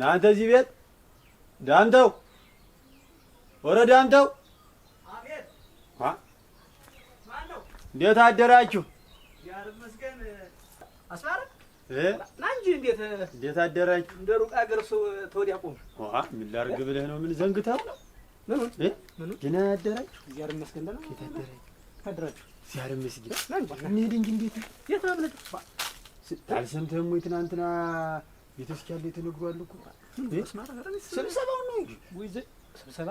ለአንተ እዚህ ቤት ዳንተው ወረ ዳንተው እንዴት አደራችሁ? እንዴት አደራችሁ? እንደ ሩቅ አገር ሰው ተወዲያ ቆም ምን ላድርግ ብለህ ነው? ምን ዘንግተው ደህና አደራችሁ? እግዚአብሔር ደህና አደራችሁ። እግዚአብሔር ይመስገን እንዴት ነው? ቤተክርስቲያን ላይ ተነግሯል እኮ ስብሰባው ነው እንጂ ወይዘ ስብሰባ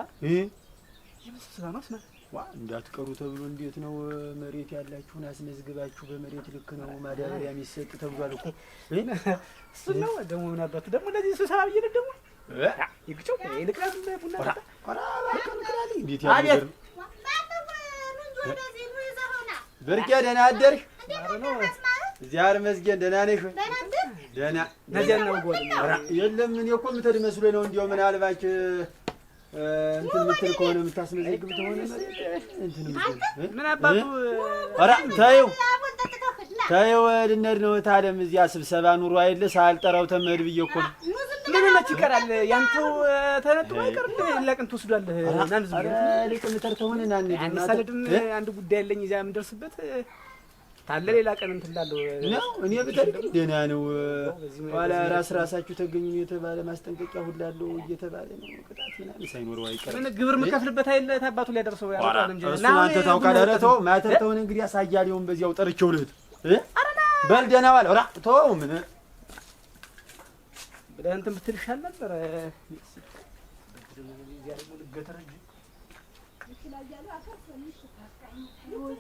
ስብሰባ ነው። ስማ ዋ እንዳትቀሩ ተብሎ እንዴት ነው መሬት ያላችሁን አስመዝግባችሁ በመሬት ልክ ነው ማዳበሪያ የሚሰጥ ተብሏል እኮ እሱ ነው ደግሞ ምን አባቱ ደግሞ ለዚህ ስብሰባ ብዬ ነው ደግሞ ይግጨው ይልቅራት ቡና እንዴት ያለ ብርቄ ደህና አደርሽ? እዚያ አርመዝጌን ደህና ነሽ ወይ? ደህና ነገር ነው። ጎል የለም እኔ እኮ የምትሄድ መስሎኝ ነው። እንዲያው ምናልባት እንትን የምትል ከሆነ የምታስመዘግብ ከሆነ ምን አባቱ ኧረ ተይው ተይው፣ ልንሄድ ነው። ታለም እዚያ ስብሰባ ኑሮ አይደለ ሳልጠራው ተመድ ብዬ እኮ ነው። ምንነት ይቀራል ያንተው ተነጥቆ ይቀር ለቅንት ወስዷል። ናን ዝም ምተር ከሆነ ናን አንድ ጉዳይ አለኝ እዚያ የምደርስበት ታለ ሌላ ቀን እንትን ላለው ነው እኔ ብታድግ ደህና ነው። ኋላ ራስ ራሳችሁ ተገኙ የተባለ ማስጠንቀቂያ ሁላለው እየተባለ ነው። ቅጣት ምናምን ሳይኖረው አይቀርም። ምን ግብር የምከፍልበት አይደለ ታባቱ ሊያደርሰው ያመጣል እንጂ እሱ አንተ ታውቃለህ። ኧረ ተው ማተር ተውን። እንግዲህ አሳያለሁም በዚያው ጠርቼው ልህት በል ደህና ዋል። ራ ተው ምን ብለህ እንትን ብትል ይሻል ነበር።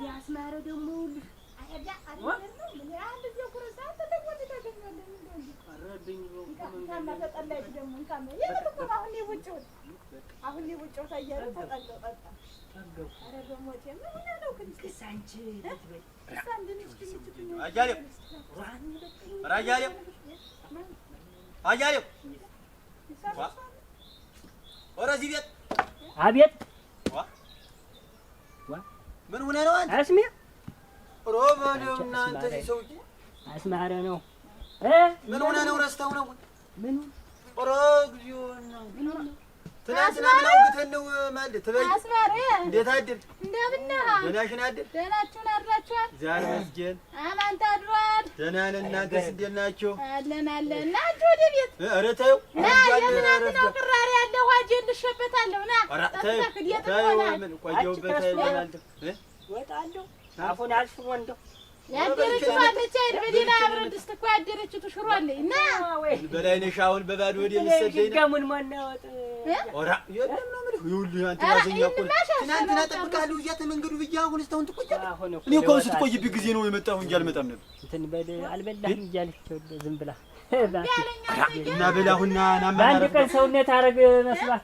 ያስማረ ደግሞ አቤት ምን ሆነ ነው አንተ? አስማረ ነው። ምን ሆነ ነው? ረስተው ነው? ምን ኧረ እግዚኦ! ትናንትና ምን አውግተን ነው ማለት ትበይ። አስማረ እንዴት አድር? እንደምን ነህ? ደህና ሽን አድር? ደህናችሁን አድራችኋል? ዛሬ መስገን አማንታ አድሯል። ደህና ነን። እናንተስ እንዴት ናችሁ? አለን አለን። ና እንጂ ወደ ቤት። ኧረ ተይው ና። የትናንትናው ቅራሪ አለ ዋጅ እንሸበታለሁ። ና ተይው ተይው። ምን ቆየሁበት? ይሆናል ወጣለሁ አፉን አልሽው እንደው ያደረችው አመቻ በሌላ አብረን ድስት እኮ ያደረችው ትሽሮ አለኝ እና በላይነሽ አሁን በባዶ ወደ የሚሰደኝ ደሙን ማናወጥ ኦራ የለም ነው የምልህ። ይኸውልህ አንተ ያዘኛ እኮ ትናንትና እጠብቅሃለሁ ብያት መንገዱ ብዬሽ አሁን እስካሁን ትቆያለህ። እኔ እኮ አሁን ስትቆይብኝ ጊዜ ነው የመጣሁ እንጂ አልመጣም ነበር። እንትን በል አልበላህም እያለች ዝም ብላ እና በላሁና ናማ በአንድ ቀን ሰውነት አረግ መስሏት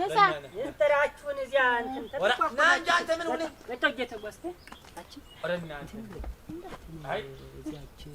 ነሳ ይንጠራችሁን እዚያ እንትን ተጠቋቁና እንጂ አንተ ምን ሆነ ወጣው እየተጓዝከ አቺ ወረና አንተ አይ እዚያችን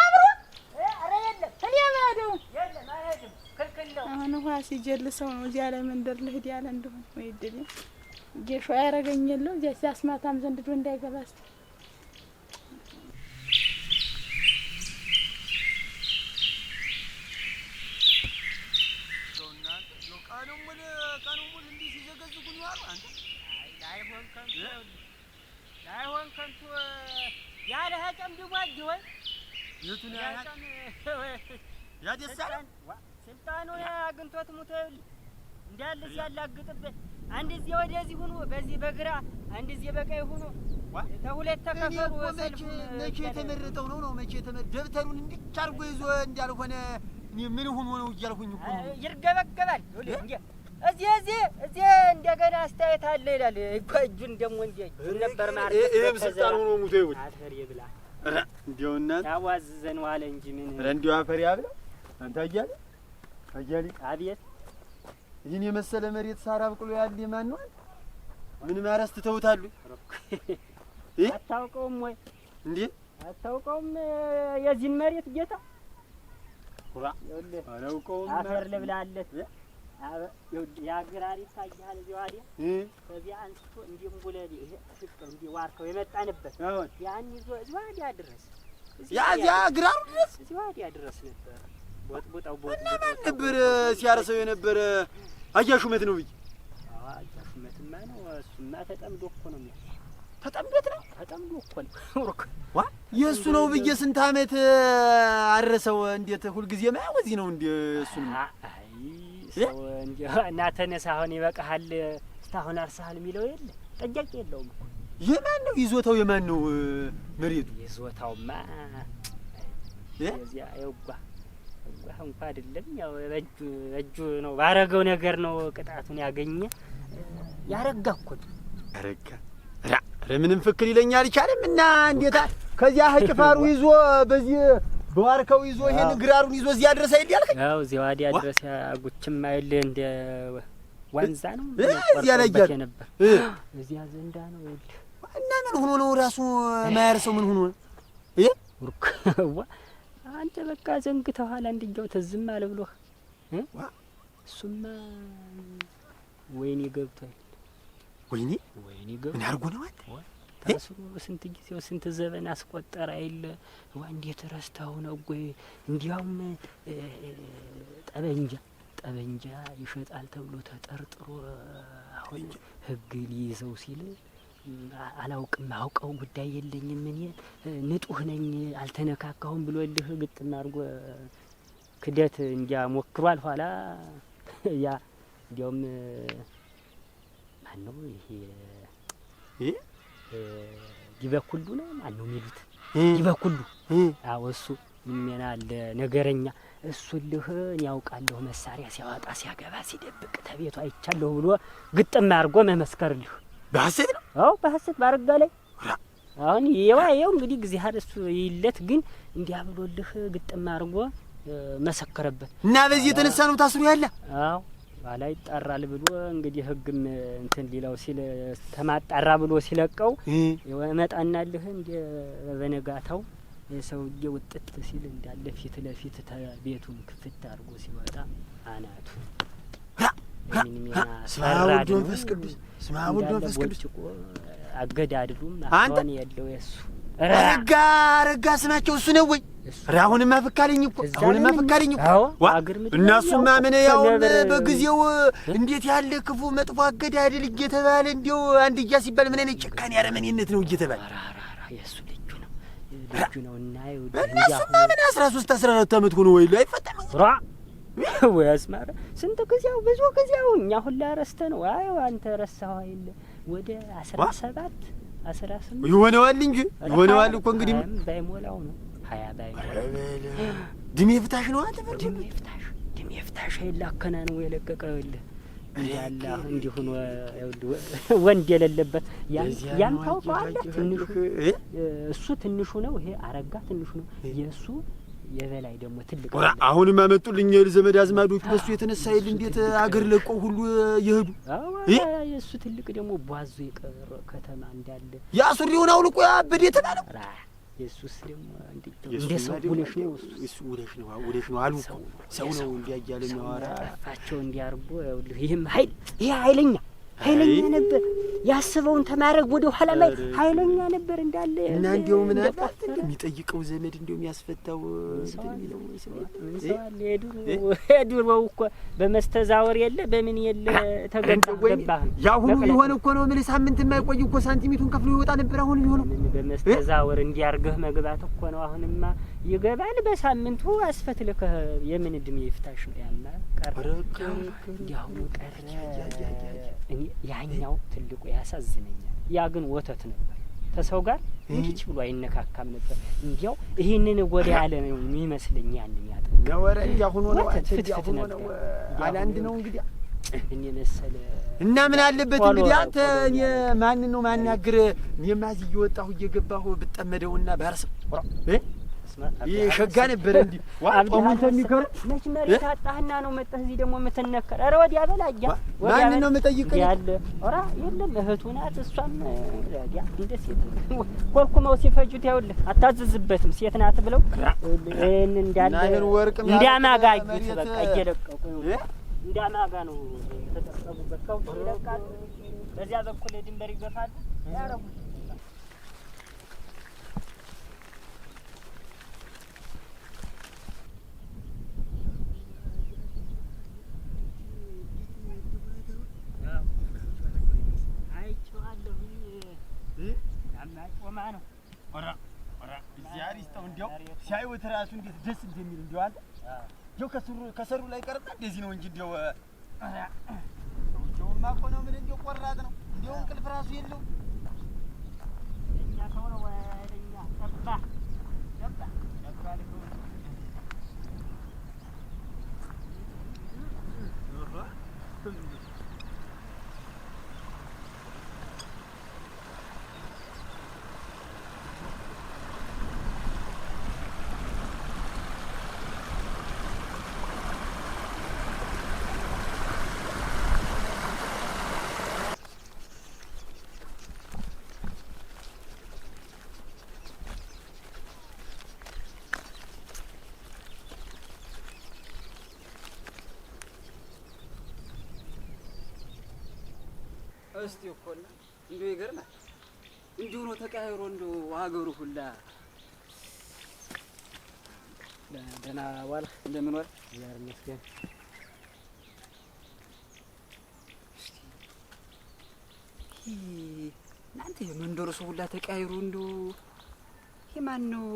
አሁን ውሃ ሲጀልሰው ነው እዚያ ላይ መንደር ልሂድ ያለ እንደሆነ ወይ ድል ጌሾ ያረገኝ የለው እዚያ ሲያስማታም ዘንድ ዶ እንዳይገባስ ላይሆን ስልጣኑ አግኝቶት ሙተል ይኸውልህ እንዳለ ሲያላግጥበት አንድ ጊዜ ወደዚህ ሁኑ፣ በዚህ በግራ አንድ ጊዜ በቀኝ ሁኑ፣ ተሁለት ተከፈሉ። መቼ የተመረጠው ነው ነው መቼ ደብተሩን እንዲች አድርጎ ይዞ እንዳልሆነ ምን ሁኑ ነው እያልሁኝ እኮ ይርገበገባል። እዚህ እዚህ እዚህ እንደገና አስተያየት አለ ይላል። እጁን ደግሞ እንዲ ነበር ማለት ይህም ስልጣን ሆኖ ሙቶ ይሁን አፈር ይብላ እንዲውና ታዋዝዘን ዋለ እንጂ ምን እንዲው አፈር ያብላ አንተ እያለ አያሌ አቤት። ይህን የመሰለ መሬት ሳር አብቅሎ ያለ ማን ነው? ምን ማረስ ትተውታሉ? አታውቀውም ወይ እንዴ? አታውቀውም የዚህን መሬት ጌታ ኩራ አላውቀውም። አፈር ልብላለት የአግራሪ ታያል ቢዋዲ ከዚህ አንስቶ እንዲህ እንጉለል ይሄ ፍቅር እንዲህ ዋርከው የመጣንበት ያን ይዞ እዚያ ድረስ ያ ያ ግራሩ ድረስ እዚያ ድረስ ነበር እና ነበር ሲያርሰው የነበረ አያ ነው ብዬ ሹመትማ ነው እሱማ ተጠምዶ እኮ ነው ተጠምዶት ነው ተጠምዶ እኮ ነው ዋ የእሱ ነው ብዬ ስንት አመት አረሰው እንዴት ሁልጊዜ ማ ወዚህ ነው እንደ እሱ ነው እና ተነሳ አሁን ይበቃሃል እስካሁን አርሰሃል የሚለው የለ ጠያቂ የለውም እኮ የማን ነው ይዞታው የማን ነው መሬቱ ይዞታውማ የዚያ የውጓ በቃ እንኳ አይደለም ያው በእጁ በእጁ ነው ባረገው ነገር ነው ቅጣቱን ያገኘ። ያረጋ እኮ ነው ያረጋ። ኧረ ምንም ፍክል ይለኛል አልቻለም። እና እንዴታ ከዚያ ጭፋሩ ይዞ በዚህ በዋርከው ይዞ ይሄን ግራሩን ይዞ እዚያ ድረስ አይል ያልከኝ? አዎ እዚያ ዋዲያ ድረስ አጉችም አይል እንደ ዋንዛ ነው እዚያ ላይ ያለ ነበር። እዚያ ዘንዳ ነው ይል እና ምን ሆኖ ነው ራሱ ማያርሰው ምን ሆኖ ነው ይሄ አንተ በቃ ዘንግተኋል። አንድኛው ተዝም አለ ብሎህ እሱማ ወይኔ ገብቷል። ወይኔ ወይኔ ገብ ምን አርጎ ነው አንተ ታስሮ ስንት ጊዜው ስንት ዘመን አስቆጠረ አይለ ዋ እንዴት ረስታው ነው ጎይ እንዲያውም ጠበንጃ ጠበንጃ ይሸጣል ተብሎ ተጠርጥሮ አሁን ህግ ሊይዘው ሲል አላውቅም አውቀው ጉዳይ የለኝም እኔ ንጡህ ነኝ አልተነካካሁም ብሎ ልህ ግጥም አድርጎ ክደት እንዲያ ሞክሯል። ኋላ ያ እንዲያውም ማነው ይሄ ይበኩሉ ነው ማን ነው የሚሉት ይበኩሉ። አዎ እሱ ምንና አለ ነገረኛ እሱልህ እኔ ያውቃለሁ መሳሪያ ሲያወጣ ሲያገባ ሲደብቅ ተቤቱ አይቻለሁ ብሎ ግጥም አድርጎ መመስከርልህ በሐሰት ነው አዎ በሐሰት ባረጋ ላይ አሁን የዋ የው እንግዲህ እግዚአብሔር እሱ ይለት ግን እንዲያ ብሎልህ ግጥም አድርጎ መሰከረበት እና በዚህ የተነሳ ነው ታስሮ ያለ። አዎ ባላ ይጣራል ብሎ እንግዲህ ህግም እንትን ሊለው ሲል ተማጣራ ብሎ ሲለቀው እመጣናልህ እንደ በነጋታው የሰውዬ ውጥት ሲል እንዳለ ፊት ለፊት ቤቱን ክፍት አድርጎ ሲወጣ አናቱ ስማ ወልድ መንፈስ ቅዱስ ስማ ወልድ መንፈስ ቅዱስ አገዳድሉም አሁን ያለው የሱ ረጋ ረጋ ስማቸው እሱ ነው ወይ? አሁንማ ፍካልኝ እኮ አሁንማ ፍካልኝ እኮ እነሱማ ምን ያው በጊዜው እንዴት ያለ ክፉ መጥፎ አገዳድል እየተባለ እንዲያው አንድያ ሲባል ምን አይነት ጭካኔ ያረመኔነት ነው እየተባለ የእሱ ልጁ ነው ልጁ ነው እና እነሱማ ምን አስራ ሶስት አስራ አራት አመት ሆኖ ወይ አይፈጠም ወይ አስማረ ስንት ጊዜው ብዙ ጊዜው እኛ ሁላ ረስተ ነው። አይ አንተ ረሳው አይደል? ወደ አስራ ሰባት አስራ ስምንት ይሆነዋል እንጂ ይሆነዋል እኮ እንግዲህ ባይሞላው ነው ሀያ ባይሞላው ድሜ ፍታሽ ነው አንተ ፍርድ ድሜ ፍታሽ ድሜ ፍታሽ የላከና ነው የለቀቀ ይል ያላ እንዲሁን ወንድ የሌለበት ያን ታውቀዋለህ። ትንሹ እሱ ትንሹ ነው። ይሄ አረጋ ትንሹ ነው የእሱ የበላይ ደግሞ ትልቅ አሁን አመጡልኝ የል ዘመድ አዝማዶቹ በሱ የተነሳ ይል እንዴት አገር ለቆ ሁሉ የሄዱ የእሱ ትልቅ ደግሞ ቧዙ የቀረ ከተማ እንዳለ ያ ሱሪውን አውልቆ ያ አበደ የተባለው የሱስ ደግሞ እንደ ሰው ሁነሽ ነው እሱ ውለሽ ነው ውለሽ ነው አሉ ሰው ነው እንዲያያለ የሚያወራ ፋቸው እንዲያርጎ ይህም ሀይል ይሄ ሀይለኛ ኃይለኛ ነበር። ያስበውን ተማረግ ወደ ኋላ ላይ ኃይለኛ ነበር እንዳለ እና እንዲያው ምናልባት የሚጠይቀው ዘመድ እንዲያው የሚያስፈታው የዱሮው እኮ በመስተዛወር የለ በምን የለ ተገባ የአሁኑ እኮ ነው ምን ሳምንት የማይቆይ እኮ ሳንቲሜቱን ከፍሎ ይወጣ ነበር። አሁን ሊሆን በመስተዛወር እንዲያርገህ መግባት እኮ ነው አሁንማ ይገባል። በሳምንቱ አስፈት ልከህ የምን እድሜ ይፍታሽ ነው ያማ ቀረ እንዲያውኑ ቀረ። ያኛው ትልቁ ያሳዝነኛል። ያ ግን ወተት ነበር። ተሰው ጋር እንዲች ብሎ አይነካካም ነበር። እንዲያው ይህንን ወደ ያለ ነው የሚመስለኝ። ያንን ያጥ ነወረ እንዲያሁኑ ነው ፍትፍት ነበር። አንድ ነው እንግዲህ እኔ መሰለ እና ምን አለበት እንግዲህ አንተ እኔ ማንን ነው ማናግር የማዝ እየወጣሁ እየገባሁ ብጠመደውና ባርስ ሸጋ ነበረ። እንዲህ አንተ የሚከብር መች መሬት አጣህና ነው እዚህ ደግሞ የምትነከር? ኧረ ወዲያ ነው ያለ የለም እህቱ ናት። እሷም ያ እንደ ሴት ኮልኩመው ሲፈጁት ሴት ናት ብለው ይህን እንዳለ እንዳማጋጁት በቃ እየለቀቁ እንዳማጋ ነው የተጠቀሙበት። ይለቃሉ፣ በዚያ በኩል ድንበር ይገፋሉ ያረጉት ህይወት ራሱ እንዴት ደስ እንደሚል እንዲሁ አንተ እንዲሁ ከሰሩ ከሰሩ ላይ ቀርጣ እንደዚህ ነው እንጂ እንዲሁ ሰውየውማ እኮ ነው ምን እንደው ቆራጥ ነው እንደው እንቅልፍ ራሱ የለው እኛ ሰው ነው እኛ ጠባ እስቲ እኮ እና እንዲሁ ይገርማል። እንዲሁ ነው ተቀያይሮ እንዲሁ ሀገሩ ሁላ ደህና ዋልህ። እንደምን ዋልህ? እግዚአብሔር ይመስገን። እናንተ የመንደሩ ሰው ሁላ ተቀያይሮ እንዲሁ ይሄ ማን ነው?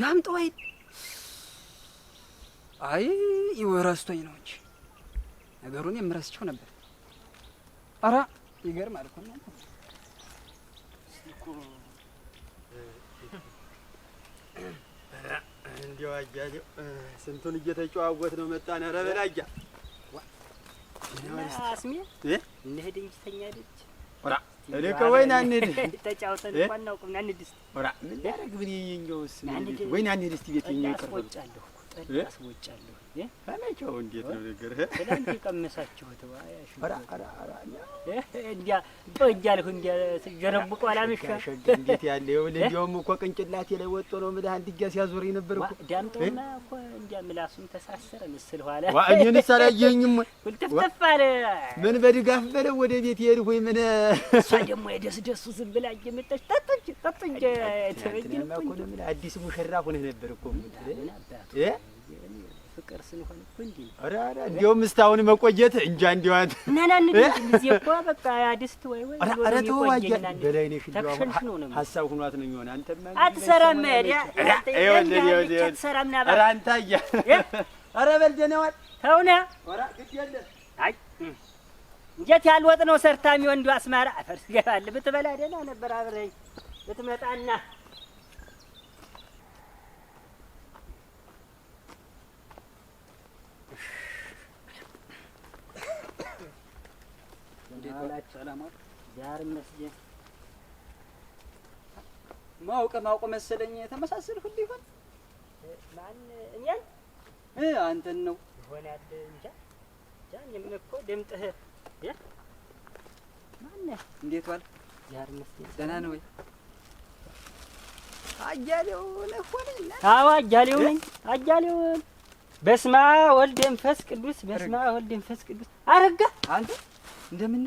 ዳምጦ ወይ አይ ይወረስቶኝ ነው እንጂ ነገሩን የምረስቸው ነበር። ኧረ ይገርማል እኮ እንዲያው አያሌው ስንቱን እየተጨዋወት ነው መጣን። ኧረ በል አስሜ እንሂድ እንጂ ተኛ ደጅ እልከ ከመቼው እንዴት ነው ነገር ትላንት የቀመሳችሁት እንዲያ እያልኩ እንዲያ ጀረብቆ አላመሻ እንዴት ያለ ይኸውልህ፣ እንዲያውም እኮ ቅንጭላቴ ላይ ወጦ ነው የምልህ። አንድ ጊዜ ሲያዞረኝ ነበር እኮ ዳምጠውና እኮ እንዲያ ምላሱን ተሳሰረ ምስል ኋላ እኔንስ አላየኸኝም ወይ? አለ ምን በድጋፍ በለው ወደ ቤት ይሄድ ሆይ ምን እሷ ደግሞ የደስ ደሱ ዝም ብላ እየመጣች ጠጡኝ ጠጡኝ ትበይኝ እኮ አዲስ ሙሽራ ሆነህ ነበር እኮ ምን አባቱ ፍቅር ስንሆን እኮ እንዲህ ነው። ኧረ ኧረ እንዲያውም እስካሁን መቆየት እንጃ እንዲያው አንተ ጊዜ እኮ በቃ አዲስት ወይ ወይ ኧረ ተወው አያ በላይ ነሽ እንዲያው ሀሳብ ሆኗት ነው የሚሆን አንተማ አትሰራም አይደል? ይኸውልህ ይኸውልህ አትሰራም ና ኧረ አንተ አያ ኧረ በል ደህና ዋል ተው ና ኧረ ግድ የለም አይ እንዴት ያህል ወጥ ነው ሰርታ የሚሆን እንዲያው አስማራ አፈር ትገባለህ ብትበላ ደህና ነበር አብረኝ ብትመጣና ዳር መስጊድ ማውቀ ማውቀ መሰለኝ ተመሳሰልሁልህ ይሆን? ማን እኛን? አንተን ነው ይሆናል። እንጃ እንጃ። እኔም እኮ ድምጥህ ማን እንዴት ዋል? ዳር መስጊድ ደህና ነው ወይ? አዎ ነኝ። በስመ አብ ወልድ መንፈስ ቅዱስ። በስመ አብ ወልድ መንፈስ ቅዱስ። አረጋ አንተ እንደምን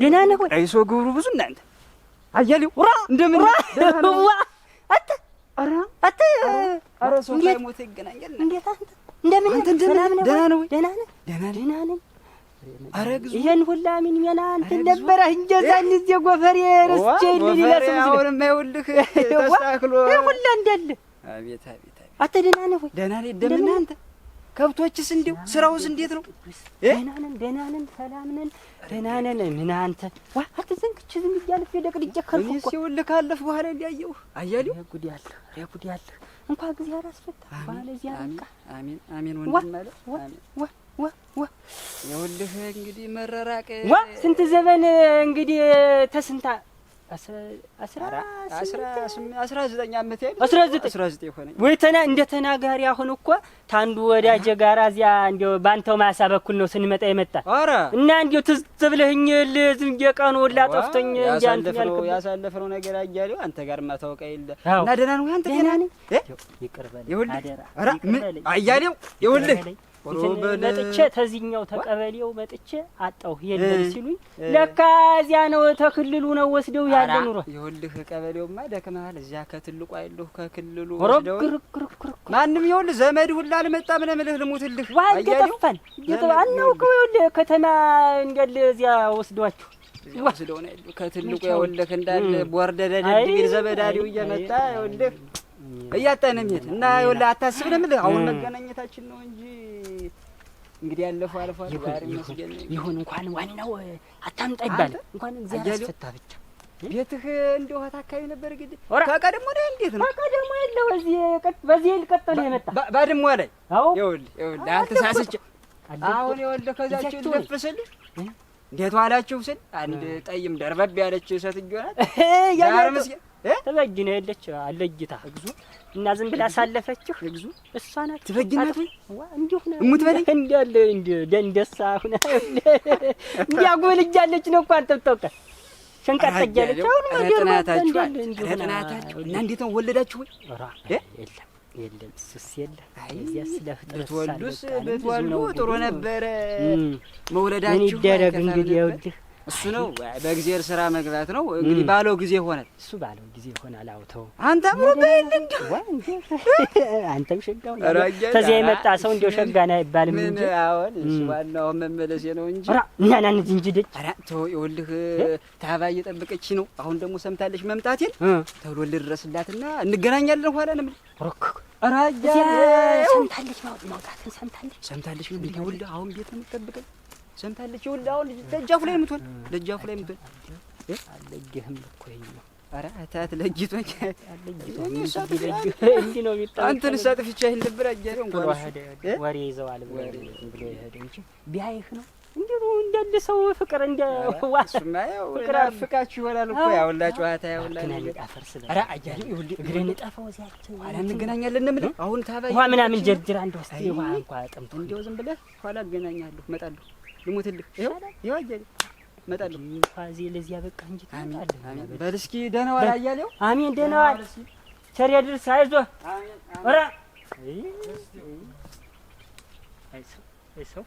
ደህና ነህ ወይ? አይሶ ግብሩ ብዙ እናንተ አያሌው ውራ እንደምን ዋ አት አረ አት አረ ሰው ላይ ይገናኛል። እንዴት አንተ እንደምን አንተ እንደምን ደህና ነህ ደህና ነህ? ደህና ደህና ነኝ። አረ ግዙ ይሄን ሁላ ምን ሜና እንትን ነበረህ እንጂ እዚህ ጎፈሬ ረስቼ ልሊላስ ነው። አሁንም አይውልህ ተስተካክሎ ይሁላ እንዳለ አቤት አቤት አቤት አት ደህና ነህ ወይ? ደህና ነኝ። እንደምን አንተ ከብቶችስ እንዲሁ ስራውስ እንዴት ነው? ደህና ነን፣ ደህና ነን፣ ሰላም ነን፣ ደህና ነን። ምን አንተ ዋ አትዘንግች፣ ዝም እያለፍ የደቅድጀ ከልኩ እኮ ሲውልህ ካለፍ በኋላ እንዲያየው አያሌው ጉድ ያለ ሬ ጉድ ያለ እንኳን ጊዜ አላስፈታ በኋላ እዚህ አበቃ። አሜን አሜን። ወንድም አለ ዋ ዋ ዋ ይውልህ እንግዲህ መረራቅ ዋ ስንት ዘመን እንግዲህ ተስንታ ወይተና እንደ ተናጋሪ አሁን እኮ ታንዱ ወዳጀ ጋራ እዚያ እንዲያው ባንተው ማሳ በኩል ነው ስንመጣ የመጣ እና እንዲያው ትዝ ብለህኝ ዝም የቀኑ ሁላ ጠፍቶኝ ያሳለፈው ነገር አያሌው አንተ ጋር ማታወቀ የለ እና ደህና ነው አንተ ደህና ነህ ይቅር በለኝ ይኸውልህ አያሌው መጥቼ ተዚኛው ተቀበሌው መጥቼ አጣሁ የለም ሲሉኝ፣ ለካ እዚያ ነው ተክልሉ ነው ወስደው ያለ ኑሮ ይኸውልህ፣ ቀበሌውማ ደክመሃል። እዚያ ከትልቁ አይሉህ ከክልሉ ወስደው ማንም ይኸውልህ ዘመድ ሁላ አልመጣም። ለምልህ ልሙትልህ ዋ እየጠፋን አናውቀው። ይኸውልህ ከተማ እንዳለ እዚያ ወስዷችሁ ወስደው ነው ከትልቁ ይኸውልህ እንዳለ ቦርደደደድ ቢል ዘመዳሪው እየመጣ ይኸውልህ እያጣንም የት እና ይኸውልህ አታስብ ነው የምልህ። አሁን መገናኘታችን ነው እንጂ እንግዲህ ያለፈው አልፏል። ይሁን እንኳን ዋናው አታምጣ ይባል እንኳን እግዚአብሔር አስፈታ ብቻ ቤትህ እንደው እህት አካባቢ ነበር እንግዲህ ከቀድሞ ነው እንዴት ነው? ከቀድሞ የለው እዚህ በዚህ ሊቀጥል ነው የመጣ ባድሟ ላይ ይኸውልህ ይኸውልህ አልተሳስቼ አሁን ይኸውልህ ከዛችሁ ልፍ ስል እንዴት ዋላችሁ ስል አንድ ጠይም ደርበብ ያለች ሴትዮ ናት ያርምስ ትበጊና የለች አለጅታ እግዙ እና ዝም ብላ አሳለፈችህ። እግዙ እሷ ናት ትበጊናት ወይ እንዲሁ እሙት በለኝ እንዲያለ ደንደሳ ሁነ እንዲያጎልጃለች ነው እኮ አንተ ብታውቃት ሸንቀጥ ጠጃለች። አሁን መደርናታችሁ እናታችሁ እና እንዴት ነው ወለዳችሁ ወይ የለም የለም እሱስ የለም። እዚያ ስለ ፍጥረት ብትወልዱስ ብትወልዱ ጥሩ ነበረ መውለዳችሁ። ምን ይደረግ እንግዲህ ይኸውልህ እሱ ነው በእግዚአብሔር ስራ መግባት ነው። እንግዲህ ባለው ጊዜ ይሆናል። እሱ ባለው ጊዜ ይሆናል። አውተው አንተ ምሩበይ እንዴ አንተም ሸጋው ተዚያ የመጣ ሰው እንዲው ሸጋ ነው አይባልም እንጂ አሁን እሱ ዋናው መመለሴ ነው እንጂ አራ እና ናን እንጂ ደጅ አራ ተው ይኸውልህ፣ ታባ እየጠበቀች ነው። አሁን ደግሞ ሰምታለች መምጣቴን ተብሎ ልድረስላትና እንገናኛለን ኋላ ነው ሮክ አራ ያ ሰምታለች ማውጣት ሰምታለች ሰምታለች ነው። ይኸውልህ አሁን ቤት ነው የምትጠብቀኝ ሰምታለች። ይኸውልህ አሁን ደጃፉ ላይ የምትሆን ደጃፉ ላይ የምትሆን አለጌህም እኮ ይኸኛው ኧረ እህትህ ለጊቶች እንዲህ ነው የሚጣለው። አንተን እሳ ጥፍቼ አይል ነበር እንኳን ወሬ ይዘዋል ብሎ እንጂ ቢያይህ ነው እንዲሁ እንዳለ ሰው ፍቅር እንደ ዋሱማ ፍቅር አፍቃችሁ ይሆናል እኮ ያውላ ጨዋታ ያውላ ነገር ኧረ እዚያችን ኋላ እንገናኛለን አሁን ታባ ምናምን ጀርጅራ እንኳ ዝም ብለህ ኋላ እገናኛለሁ እመጣለሁ ልሙትልህ። ይኸው ይኸው አያሌው እመጣለሁ። ለዚህ ያበቃ እንጂ ትመጣለህ። በል እስኪ ደህና ዋል አያሌው። አሜን ደህና ዋል። ቸር ያድርስ። አይዞህ። ኧረ አይ ሰው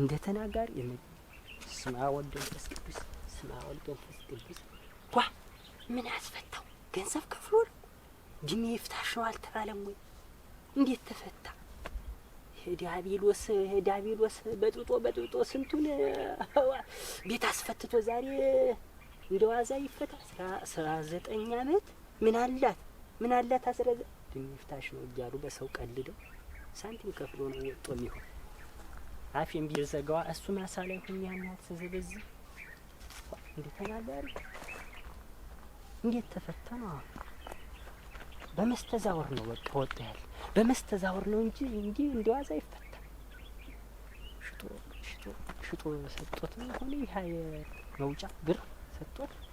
እንደ ተናጋሪ ስማ ወልድ መንፈስ ቅዱስ ስማ ወልድ መንፈስ ቅዱስ ጓ ምን አስፈታው ገንዘብ ከፍሎ ድሜ ይፍታሽ ነው አልተባለም ወይ? እንዴት ተፈታ? ዳቢሎስ ዳቢሎስ በጥብጦ በጥብጦ ስንቱን ቤት አስፈትቶ ዛሬ እንደ ዋዛ ይፈታ። አስራ ዘጠኝ አመት ምን አላት ምን አላት አስራ ድንፍታሽ ነው እያሉ በሰው ቀልደው ሳንቲም ከፍሎ ነው ወጦ የሚሆን አፍ የሚዘጋዋ እሱ ማሳ ላይ ሁኝ ያናት ስዘበዝ እንዴት ተናጋሪ እንዴት ነው አሁን በመስተዛወር ነው በቃ ያለ በመስተዛወር ነው እንጂ እንዲህ እንዲዋዛ አይፈታም። ሽጦ ሽጦ ሽጦ ሰጦት ሆነ ይህ የመውጫ ብር ሰጦት